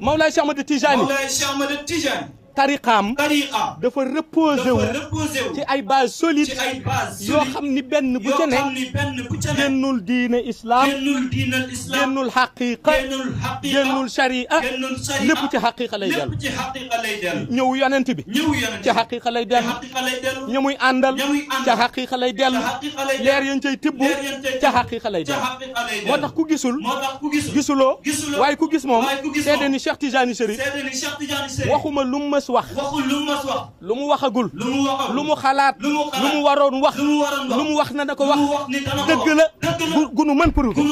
Mawlaay Cheikh Ahmad Tijaani Mawlaay Cheikh Ahmad Tijaani tariqaam dafa reposé wu ci ay base solide yoo xam ni benn bu ca ne génnul diine islaam génnul xaqiqa génnul sharia lépp ci xaqiqa lay dellu ñëw yonent bi ci xaqiqa lay dellu ña muy àndal ca xaqiqa lay dellu leer yañ cay tibb ca xaqiqa lay dellu moo tax ku gisul gisuloo waaye ku gis moom seede ni Cheikh Tijani Chérif waxuma lum mas wax. lu mu wax. lu mu waxagul. lu mu xalaat. lu mu mu waroon wax. lu mu wax na na ko wax. dëgg la gu nu mën prouver.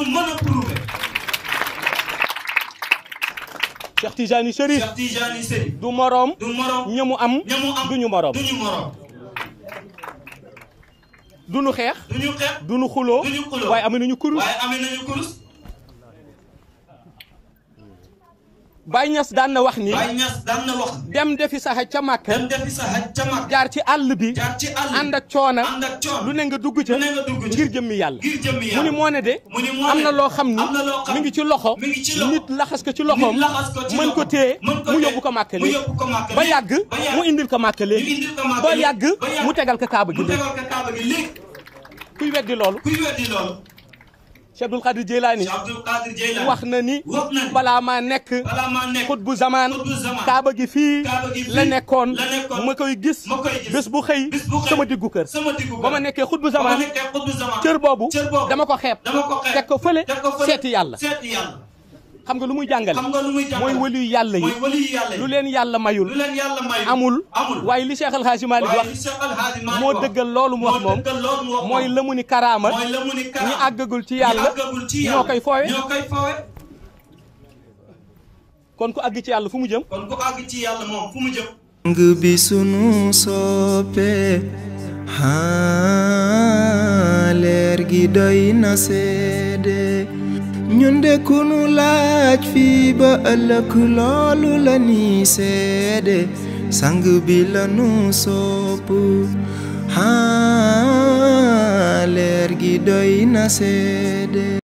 Cheikh Tijani Chérif. Cheikh Tijani Chérif. du moroom. ñamu am. ñamu am duñu moroom. duñu moroom. duñu xeex. duñu xeex. duñu xuloo. duñu xuloo waaye amee nañu kurus. Baye ñas daan na wax ni Baye na wax dem defi saxa ca Màkka dem defi saxa ca Màkka jaar ci àll bi ci ànd ak coona ànd lu ne nga dugg ca ngir jëmmi yàlla ngir jëmmi yàlla mu ni moo ne de am na loo xam ni mu ngi ci loxo nit laxas ko ci loxoom mën ko téye mu yóbbu ko Màkka léegi ba yàgg mu indil ko Màkka léegi ba yàgg mu tegal ko Kaaba gi léegi kuy weddi loolu kuy weddi loolu Cheikh Abdoul Qadir Jeylaani wax na ni balaa maa nekk xutbu zamaan kaaba gi fii la nekkoon ma koy gis bés bu xëy sama diggu kër ba ma nekkee xutbu zamaan cër boobu dama ko xeeb teg ko fële seeti yàlla xam nga lu mu jàngale xam nga lu muy mooy waliyu yàlla yi lu leen yàlla mayul amul waaye li Cheikh Alhaaji Malick wax moo dëggal loolu mu wax moom mooy la mu ni karaamat ñi àggagul ci yàlla ñoo koy foowe kon ku àgg ci yàlla fu mu jëm kon ku àgg ci yàlla moom mu jëm gi doy na ñu de ku nu laaj fii ba ëllëg loolu la ni seede sang bi lanu nu sopp haa leer gi doy na seede